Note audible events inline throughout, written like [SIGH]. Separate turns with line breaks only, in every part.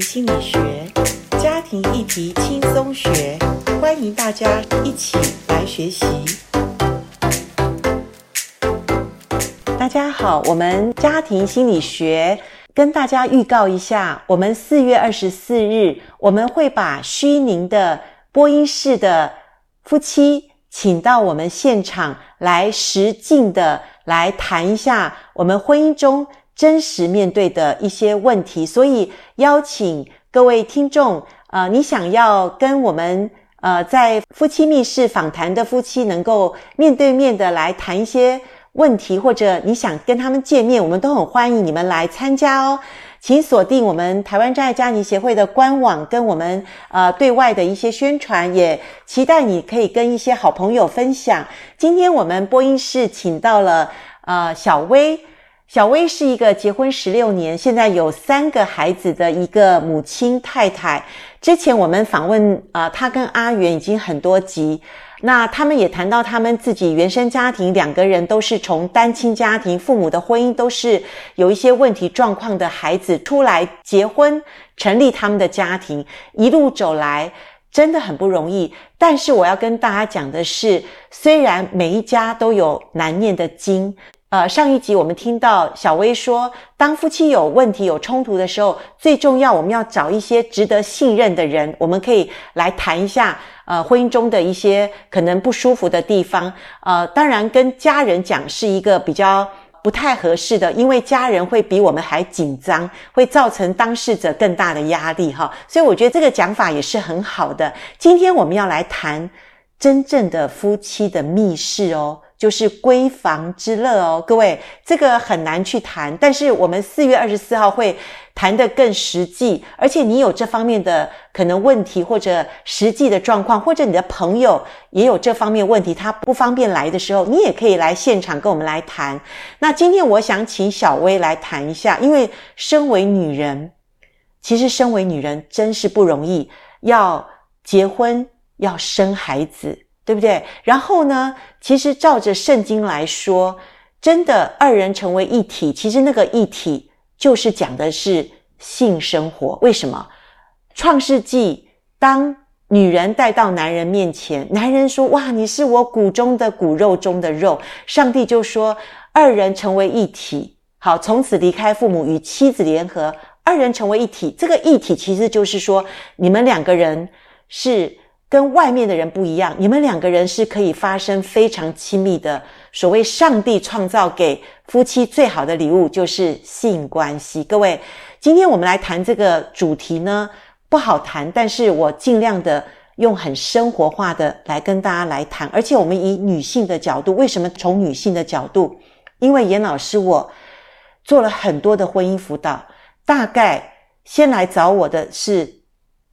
心理學，家庭議題輕鬆學，歡迎大家一起來學習。大家好，我們家庭心理學跟大家預告一下，我們四月二十四日，我們會把虛擬的播音室的夫妻，請到我們現場來實際的來談一下我們婚姻中真實面對的一些問題，所以邀請各位聽眾，呃，你想要跟我們，呃，在夫妻密室訪談的夫妻能夠面對面的來談一些問題，或者你想跟他們見面，我們都很歡迎你們來參加哦。請鎖定我們台灣真愛家庭協會的官網，跟我們呃對外的一些宣傳，也期待你可以跟一些好朋友分享。今天我們播音室請到了呃小葳。小葳是一個結婚十六年，現在有三個孩子的一個母親太太。之前我們訪問啊，她、呃、跟阿源已經很多集，那他們也談到他們自己原生家庭，兩個人都是從單親家庭，父母的婚姻都是有一些問題狀況的孩子出來結婚，成立他們的家庭，一路走來真的很不容易。但是我要跟大家講的是，雖然每一家都有難念的經。呃，上一集我們聽到小葳說，當夫妻有問題、有衝突的時候，最重要我們要找一些值得信任的人，我們可以來談一下，呃，婚姻中的一些可能不舒服的地方。呃，當然跟家人講是一個比較不太合適的，因為家人會比我們還緊張，會造成當事者更大的壓力哈。所以我覺得這個講法也是很好的。今天我們要來談真正的夫妻的密室哦。就是閨房之樂哦，各位，這個很難去談。但是我們四月二十四號會談得更實際，而且你有這方面的可能問題或者實際的狀況，或者你的朋友也有這方面問題，他不方便來的時候，你也可以來現場跟我們來談。那今天我想請小葳來談一下，因為身為女人，其實身為女人真是不容易，要結婚，要生孩子。對不對？然後呢，其實照着聖經來說，真的二人成為一體，其實那個一體就是講的是性生活。為什麼？創世紀當女人帶到男人面前，男人說：“哇，你是我骨中的骨，肉中的肉。”上帝就說：“二人成為一體，好，從此離開父母，與妻子聯合，二人成為一體。”這個一體其實就是說，你們兩個人是。跟外面的人不一樣，你們兩個人是可以發生非常親密的。所謂上帝創造給夫妻最好的禮物就是性關係。各位，今天我們來談這個主題呢，不好談，但是我盡量的用很生活化的來跟大家來談，而且我們以女性的角度。為什麼從女性的角度？因為延老師我做了很多的婚姻輔導，大概先來找我的是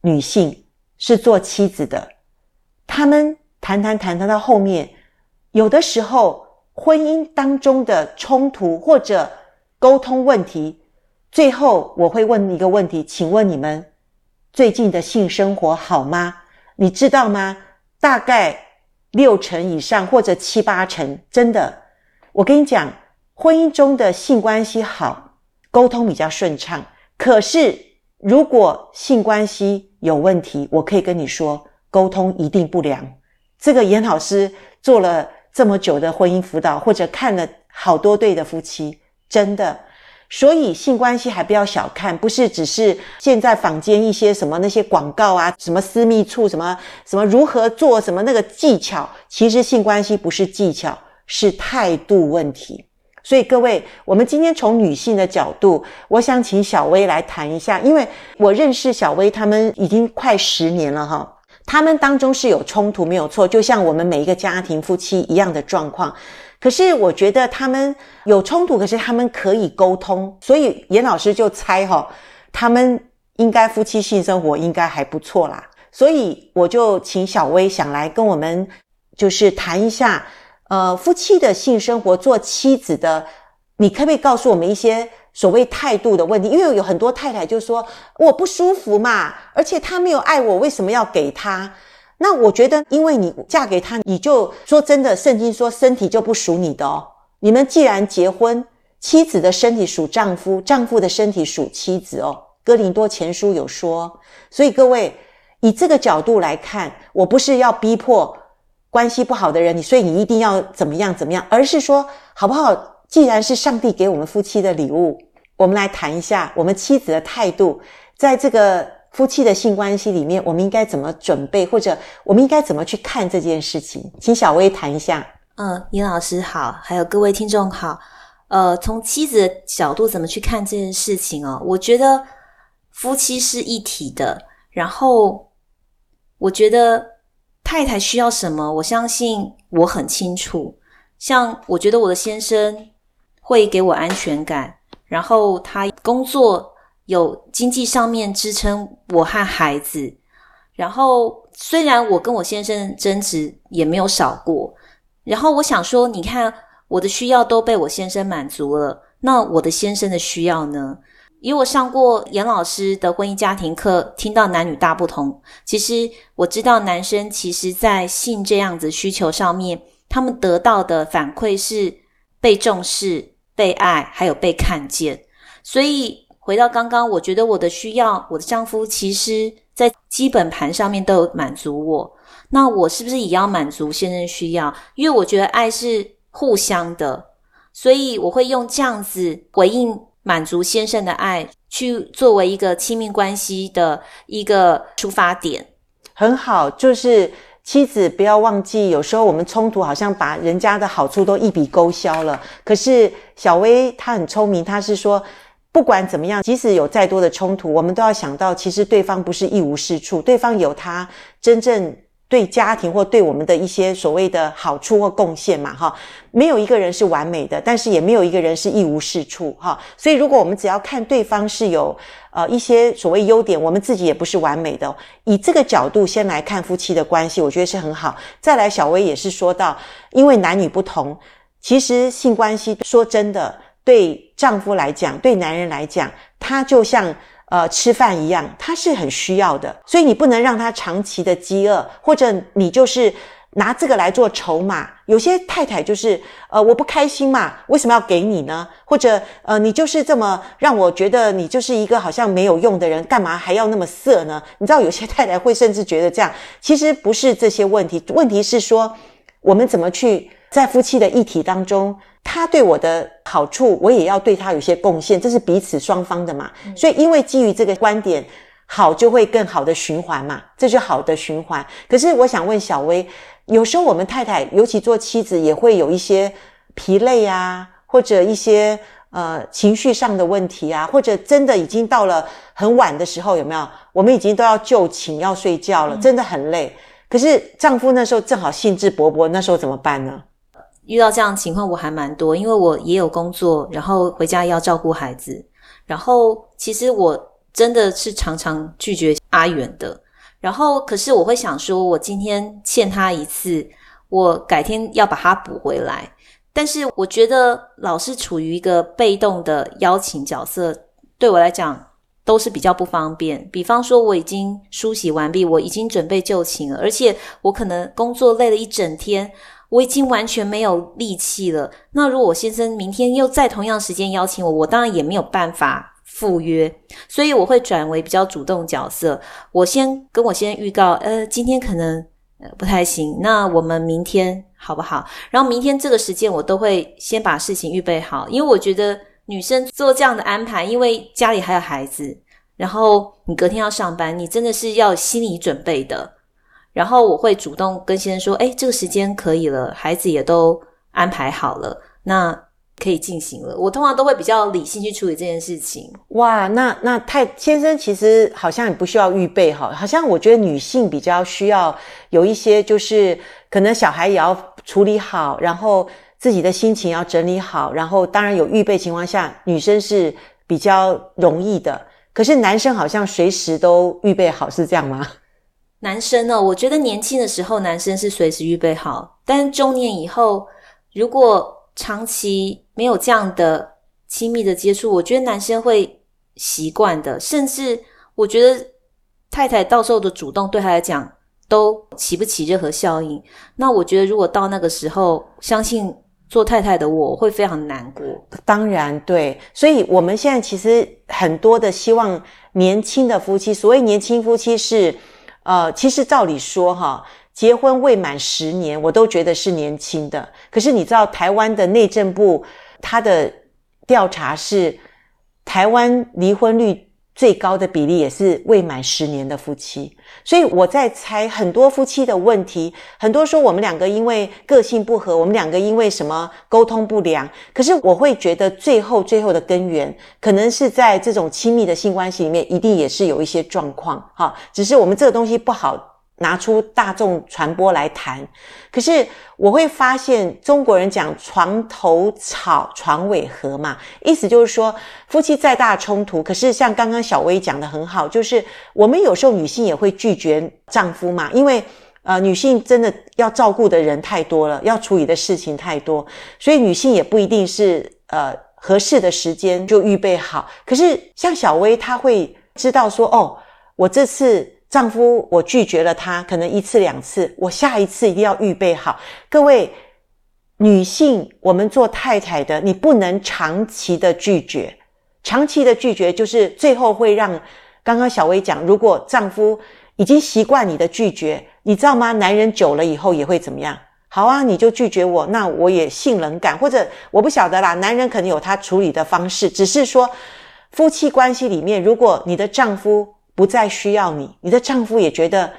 女性。是做妻子的，他們談談談談到後面，有的時候婚姻當中的衝突或者溝通問題，最後我會問一個問題，請問你們最近的性生活好嗎？你知道嗎？大概六成以上或者七八成，真的，我跟你講，婚姻中的性關係好，溝通比較順暢。可是如果性關係，有問題，我可以跟你說，溝通一定不良。這個延老師做了這麼久的婚姻輔導，或者看了好多對的夫妻，真的。所以性關係還不要小看，不是只是現在坊間一些什麼那些廣告啊，什麼私密處，什麼什麼如何做什麼那個技巧，其實性關係不是技巧，是態度問題。所以各位，我們今天從女性的角度，我想請小葳來談一下，因為我認識小葳他們已經快十年了哈，他們當中是有衝突沒有錯，就像我們每一個家庭夫妻一樣的狀況。可是我覺得他們有衝突，可是他們可以溝通，所以延老師就猜哈，他們應該夫妻性生活應該還不錯啦。所以我就請小葳想來跟我們就是談一下。呃，夫妻的性生活，做妻子的，你可不可以告訴我們一些所謂態度的問題？因為有很多太太就說我不舒服嘛，而且他沒有愛我，為什麼要給他？那我覺得，因為你嫁給他，你就說真的，聖經說身體就不屬你的哦。你們既然結婚，妻子的身體屬丈夫，丈夫的身體屬妻子哦。哥林多前書有說，所以各位以這個角度來看，我不是要逼迫。關係不好的人，你所以你一定要怎麼樣怎麼樣，而是說好不好？既然是上帝給我們夫妻的禮物，我們來談一下我們妻子的態度，在這個夫妻的性關係裡面，我們應該怎麼準備，或者我們應該怎麼去看這件事情？請小葳談一下。嗯、呃，延老師好，還有各位聽眾好。
呃，從妻子的角度怎麼去看這件事情哦？我覺得夫妻是一體的，然後我覺得。太太需要什麼？我相信我很清楚。像我覺得我的先生會給我安全感，然後他工作有經濟上面支撐我和孩子。然後雖然我跟我先生爭執也沒有少過，然後我想說，你看我的需要都被我先生滿足了，那我的先生的需要呢？以我上過延老師的婚姻家庭課，聽到男女大不同。其實我知道男生其實，在性這樣子需求上面，他們得到的反饋是被重視、被愛，還有被看見。所以回到剛剛，我覺得我的需要，我的丈夫其實在基本盤上面都有滿足我。那我是不是也要滿足先生需要？因為我覺得愛是互相的，所以我會用這樣子回應。滿足先生的愛，去作為一個親密關係的一個出發點，
很好。就是妻子不要忘記，有時候我們衝突好像把人家的好處都一筆勾銷了。可是小葳她很聰明，她是說，不管怎麼樣，即使有再多的衝突，我們都要想到，其實對方不是一無是處，對方有他真正。對家庭或對我們的一些所謂的好處或貢獻嘛，哈，沒有一個人是完美的，但是也沒有一個人是一無是處，哈。所以，如果我們只要看對方是有，呃，一些所謂優點，我們自己也不是完美的，以這個角度先來看夫妻的關係，我覺得是很好。再來，小葳也是說到，因為男女不同，其實性關係說真的，對丈夫來講，對男人來講，他就像。呃，吃飯一樣，他是很需要的，所以你不能讓他長期的飢餓，或者你就是拿這個來做籌碼。有些太太就是，呃，我不開心嘛，為什麼要給你呢？或者，呃，你就是這麼讓我覺得你就是一個好像沒有用的人，幹嘛還要那麼色呢？你知道，有些太太會甚至覺得這樣，其實不是這些問題，問題是說我們怎麼去在夫妻的一體當中。他對我的好處，我也要對他有些貢獻，這是彼此雙方的嘛。所以，因為基於這個觀點，好就會更好的循環嘛，這是好的循環。可是，我想問小葳，有時候我們太太，尤其做妻子，也會有一些疲累啊，或者一些呃情緒上的問題啊，或者真的已經到了很晚的時候，有沒有？我們已經都要就寢要睡覺了，真的很累。可是，丈夫那時候正好興致勃勃，那時候怎麼辦呢？遇到這樣的情況我還蠻多，因為我也有工
作，然後回家要照顧孩子，然後其實我真的是常常拒絕阿源的，然後可是我會想說，我今天欠他一次，我改天要把它補回來。但是我覺得老是處於一個被動的邀請角色，對我來講都是比較不方便。比方說我已經梳洗完畢，我已經準備就寢了，而且我可能工作累了一整天。我已經完全沒有力氣了。那如果我先生明天又在同樣時間邀請我，我當然也沒有辦法赴約，所以我會轉為比較主動角色。我先跟我先預告，呃，今天可能不太行，那我們明天好不好？然後明天這個時間我都會先把事情預備好，因為我覺得女生做這樣的安排，因為家裡還有孩子，然後你隔天要上班，你真的是要心理準備的。然後我會主動跟先生說：“哎，這個時間可以了，孩子也都安排好了，那可以進行了。”我通常都會比較理性去處理這件事情。
哇，那那太先生其實好像也不需要預備哈，好像我覺得女性比較需要有一些，就是可能小孩也要處理好，然後自己的心情要整理好，然後當然有預備情況下，女生是比較容易的。可是男生好像隨時都預備好，是這樣嗎？
男生呢？我覺得年輕的時候，男生是隨時預備好。但中年以後，如果長期沒有這樣的親密的接觸，我覺得男生會習慣的。甚至我覺得太太到時候的主動對他來講都起不起任何效應。那我覺得，如果到那個時候，相信做太太的我，我會非常難過。
當然對，所以我們現在其實很多的希望年輕的夫妻，所謂年輕夫妻是。呃，其實照理說，哈，結婚未滿十年，我都覺得是年輕的。可是你知道，台灣的內政部他的調查是，台灣離婚率。最高的比例也是未滿十年的夫妻，所以我在猜很多夫妻的問題，很多說我們兩個因為個性不合，我們兩個因為什麼溝通不良，可是我會覺得最後最後的根源，可能是在這種親密的性關係裡面，一定也是有一些狀況哈，只是我們這個東西不好。拿出大眾傳播來談，可是我會發現中國人講床頭吵，床尾和嘛，意思就是說夫妻再大的衝突，可是像剛剛小葳講得很好，就是我們有時候女性也會拒絕丈夫嘛，因為呃女性真的要照顧的人太多了，要處理的事情太多，所以女性也不一定是呃合適的時間就預備好。可是像小葳，她會知道說哦，我這次。丈夫，我拒絕了他，可能一次兩次，我下一次一定要預備好。各位女性，我們做太太的，你不能長期的拒絕，長期的拒絕就是最後會讓剛剛小葳講，如果丈夫已經習慣你的拒絕，你知道嗎？男人久了以後也會怎麼樣？好啊，你就拒絕我，那我也性冷感，或者我不曉得啦，男人可能有他處理的方式，只是說夫妻關係裡面，如果你的丈夫。不再需要你，你的丈夫也覺得，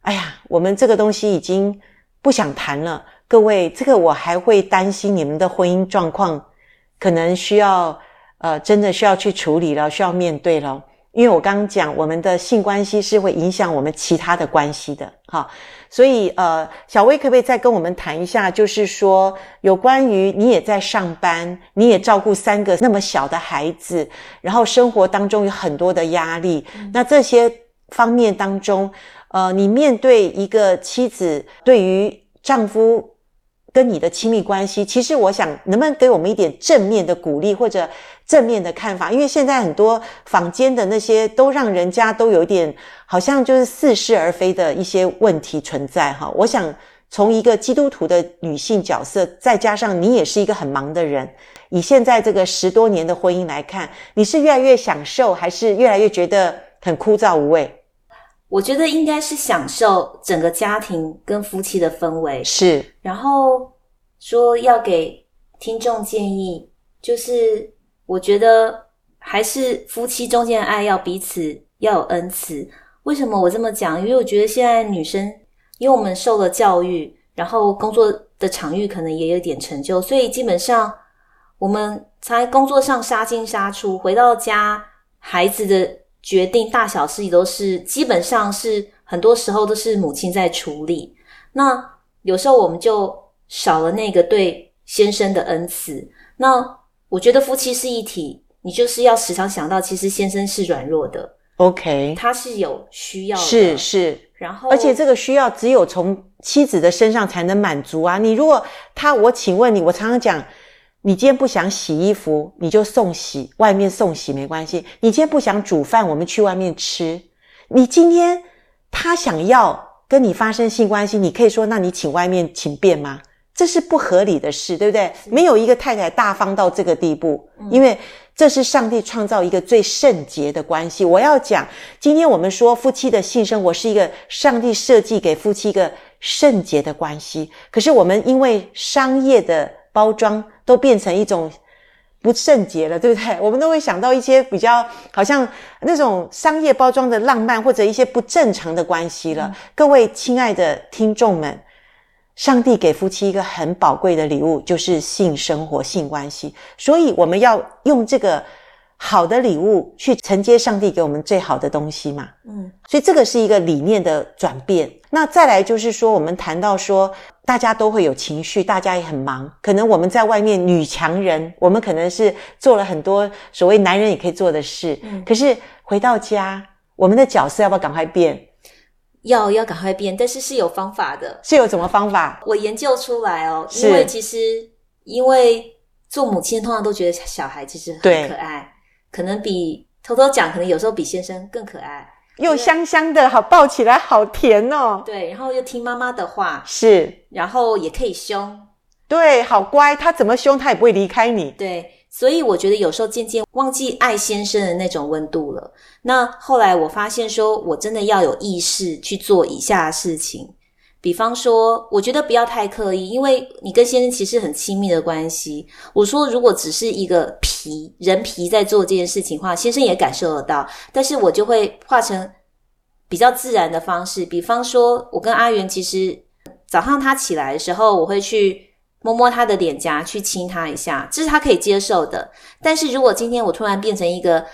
哎呀，我們這個東西已經不想談了。各位，這個我還會擔心你們的婚姻狀況，可能需要，呃，真的需要去處理了，需要面對了。因為我剛剛講，我們的性關係是會影響我們其他的關係的，哈，所以呃，小葳可不可以再跟我們談一下，就是說有關於你也在上班，你也照顧三個那麼小的孩子，然後生活當中有很多的壓力，那這些方面當中，呃，你面對一個妻子對於丈夫。跟你的親密關係，其實我想能不能給我們一點正面的鼓勵或者正面的看法？因為現在很多坊間的那些都讓人家都有一點，好像就是似是而非的一些問題存在哈。我想從一個基督徒的女性角色，再加上你也是一個很忙的人，以現在這個十多年的婚姻來看，你是越來越享受，還是越來越覺得很枯燥無味？我覺得應該是享受整個家庭跟夫妻的氛圍，是。
然後說要給聽眾建議，就是我覺得還是夫妻中間的愛要彼此要有恩慈。為什麼我這麼講？因為我覺得現在女生，因為我們受了教育，然後工作的場域可能也有點成就，所以基本上我們才工作上殺進殺出，回到家孩子的。決定大小事，也都是基本上，是很多時候都是母親在處理。那有時候我們就少了那個對先生的恩賜。那我覺得夫妻是一體，你就是要時常想到，其實先生是軟弱的
，OK，他
是有需要的，是，是。然後，而
且這個需要只有從妻子的身上才能滿足啊。你如果他，我請問你，我常常講。你今天不想洗衣服，你就送洗外面送洗沒關係。你今天不想煮飯，我們去外面吃。你今天他想要跟你發生性關係，你可以說，那你請外面請便嗎？這是不合理的事，對不對？沒有一個太太大方到這個地步，因為這是上帝創造一個最聖潔的關係。我要講，今天我們說夫妻的性生活是一個上帝設計給夫妻一個聖潔的關係，可是我們因為商業的。包裝都變成一種不聖潔了，對不對？我們都會想到一些比較好像那種商業包裝的浪漫，或者一些不正常的關係了。嗯。各位親愛的聽眾們，上帝給夫妻一個很寶貴的禮物，就是性生活、性關係，所以我們要用這個。好的禮物去承接上帝給我們最好的東西嘛。嗯，所以這個是一個理念的轉變。那再來就是說，我們談到說，大家都會有情緒，大家也很忙。可能我們在外面女強人，我們可能是做了很多所謂男人也可以做的事。嗯，可是回到家，我們的角色要不要趕快變？
要要趕快變，但是是有方法的。
是有什麼方法？
我研究出來哦。是。因為其實，因為做母親通常都覺得小孩其實很可愛。對。可能比偷偷講，可能有時候比先生更可愛，
又香香的，好抱起來，好甜哦。
對，然後又聽媽媽的話，是，然後也可以凶，
對，好乖，他怎麼凶，他也不會離開你。
對，所以我覺得有時候漸漸忘記愛先生的那種溫度了。那後來我發現說，說我真的要有意識去做以下事情。比方說，我覺得不要太刻意，因為你跟先生其實很親密的關係。我說，如果只是一個皮人皮在做這件事情的話，先生也感受得到。但是我就會化成比較自然的方式，比方說，我跟阿源其實早上他起來的時候，我會去摸摸他的臉頰，去親他一下，這是他可以接受的。但是如果今天我突然變成一個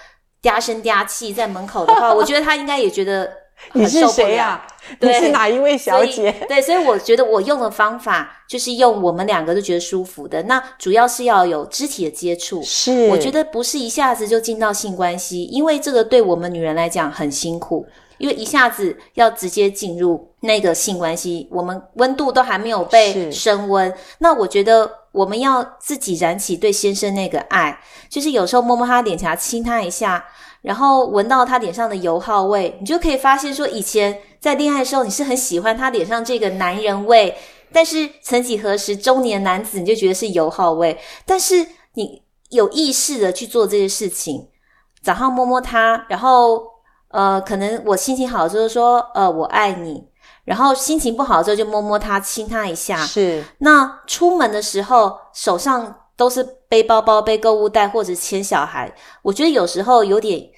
嗲聲嗲氣在門口的話，我覺得他應該也覺得。你是誰呀、啊？你是哪一位小姐？對，所以我覺得我用的方法就是用我們兩個都覺得舒服的。 [LAUGHS] 那主要是要有肢體的接觸，
是我覺得
不是一下子就進到性關係，因為這個對我們女人來講很辛苦，因為一下子要直接進入那個性關係，我們溫度都還沒有被升溫。是那我覺得我們要自己燃起對先生那個愛，就是有時候摸摸他臉頰，親他一下。然後聞到他臉上的油耗味，你就可以發現說，以前在戀愛的時候你是很喜歡他臉上這個男人味，但是曾幾何時，中年男子你就覺得是油耗味。但是你有意識的去做這些事情，早上摸摸他，然後呃，可能我心情好的時候說呃我愛你，然後心情不好的時候就摸摸他，親他一下。是。那出門的時候手上都是背包包、背購物袋或者牽小孩，我覺得有時候有點。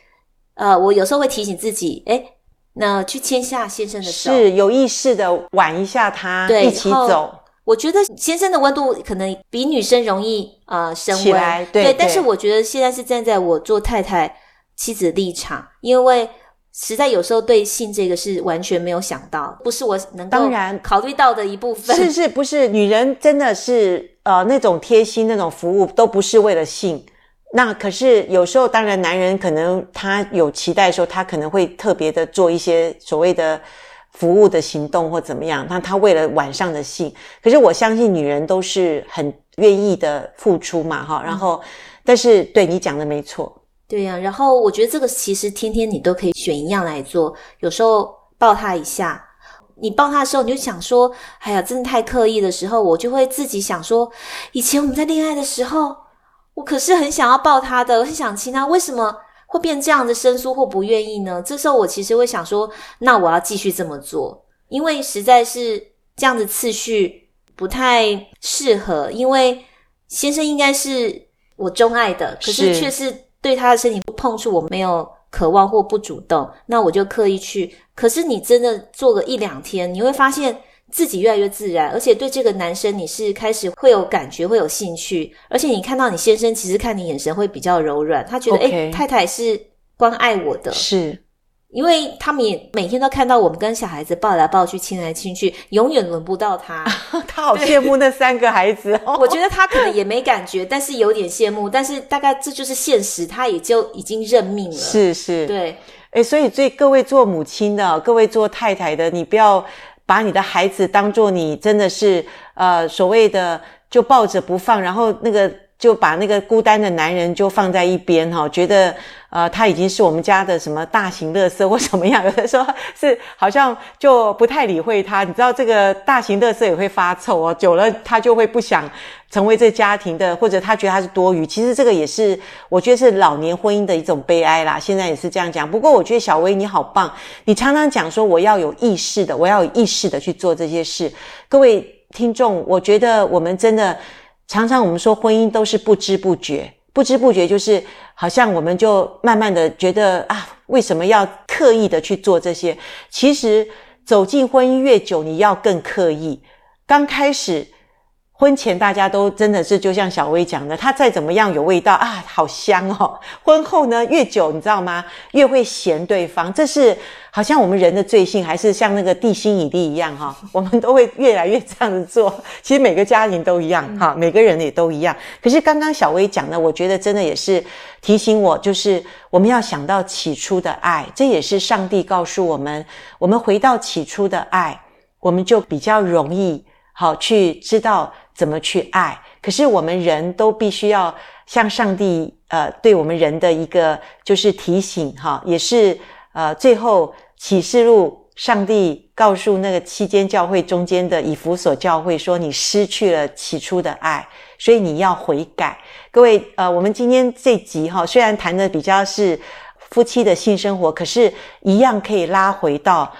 呃，我有時候會提醒自己，哎，那去牽下先生的手，是有意識的挽一下他，對一起走。我覺得先生的溫度可能比女生容易啊、呃、升溫起來，對。但是我覺得現在是站在我做太太、妻子的立場，因為實在有時候對性這個是完全沒有想到，不是我能夠當然考慮到的一部分，是
是，不是女人真的是呃那種貼心那種服務都不是為了性。那可是有時候，當然男人可能他有期待的時候，他可能會特別的做一些所謂的服務的行動或怎麼樣。那他為了晚上的性，可是我相信女人都是很願意的付出嘛，哈。然後，嗯、但是對你講的沒錯，對呀、啊。然後
我覺得這個其實天天你都可以選一樣來做。有時候抱他一下，你抱他的時候，你就想說，哎呀，真的太刻意的時候，我就會自己想說，以前我們在戀愛的時候。我可是很想要抱他的，我很想親他。為什麼會變這樣的生疏或不願意呢？這時候我其實會想說，那我要繼續這麼做，因為實在是這樣的次序不太適合。因為先生應該是我鍾愛的，可是卻是對他的身體不碰觸我，是我沒有渴望或不主動，那我就刻意去。可是你真的做個一兩天，你會發現。自己越來越自然，而且對這個男生你是開始會有感覺，會有興趣，而且你看到你先生，其實看你眼神會比較柔軟，他覺得誒 Okay.、欸、太太是關愛我的，是，因為他們也每天都看到我們跟小孩子抱來抱去，親來親去，永遠輪不到他， [LAUGHS] 他好羨慕那三個孩子。 [LAUGHS] 我覺得他可能也沒感覺，但是有點羨慕，但是
大概這就是現實，他也就已經認命了。是是，對，誒、欸、所以對各位做母親的，各位做太太的，你不要。把你的孩子當做你真的是，呃，所謂的，就抱着不放，然後那個。就把那個孤單的男人就放在一邊哈、哦，覺得呃他已經是我們家的什麼大型垃圾或什麼樣，有的時候是好像就不太理會他。你知道這個大型垃圾也會發臭哦，久了他就會不想成為這家庭的，或者他覺得他是多餘。其實這個也是我覺得是老年婚姻的一種悲哀啦。現在也是這樣講，不過我覺得小葳你好棒，你常常講說我要有意識的，我要有意識的去做這些事。各位聽眾，我覺得我們真的。常常我們說婚姻都是不知不覺，不知不覺就是好像我們就慢慢的覺得啊，為什麼要刻意的去做這些？其實走進婚姻越久，你要更刻意。剛開始。婚前大家都真的是就像小葳講的，他再怎麼樣有味道啊，好香哦。婚後呢，越久，你知道嗎？越會嫌對方。這是好像我們人的罪性，還是像那個地心引力一樣哈、哦？我們都會越來越這樣子做。其實每個家庭都一樣哈，嗯、每個人也都一樣。可是剛剛小葳講的，我覺得真的也是提醒我，就是我們要想到起初的愛，這也是上帝告訴我們，我們回到起初的愛，我們就比較容易好去知道。怎麼去愛？可是我們人都必須要向上帝，呃，對我們人的一個就是提醒，哈，也是呃，最後啟示錄，上帝告訴那個七間教會中間的以弗所教會說，你失去了起初的愛，所以你要悔改。各位，呃，我們今天這集哈，雖然談的比較是夫妻的性生活，可是一樣可以拉回到。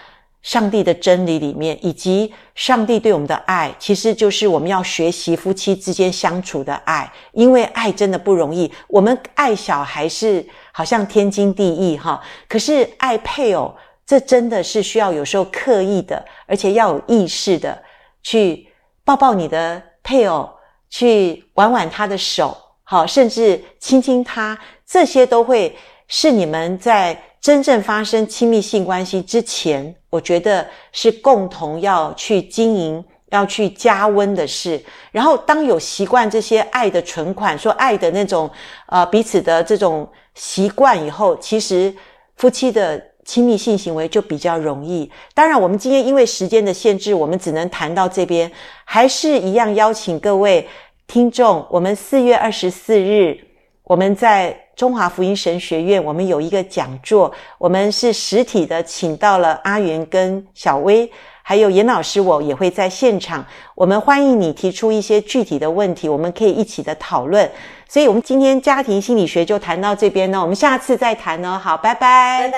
上帝的真理裡面，以及上帝對我們的愛，其實就是我們要學習夫妻之間相處的愛。因為愛真的不容易，我們愛小孩是好像天經地義哈，可是愛配偶，這真的是需要有時候刻意的，而且要有意識的去抱抱你的配偶，去挽挽他的手，好，甚至親親他，這些都會是你們在。真正發生親密性關係之前，我覺得是共同要去經營、要去加溫的事。然後，當有習慣這些愛的存款、說愛的那種，呃，彼此的這種習慣以後，其實夫妻的親密性行為就比較容易。當然，我們今天因為時間的限制，我們只能談到這邊，還是一樣邀請各位聽眾，我們四月二十四日，我們在。中華福音神學院，我們有一個講座，我們是實體的，請到了阿源跟小葳，還有延老師，我也會在現場。我們歡迎你提出一些具體的問題，我們可以一起的討論。所以，我們今天家庭心理學就談到這邊呢，我們下次再談哦。好，拜拜，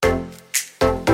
拜拜。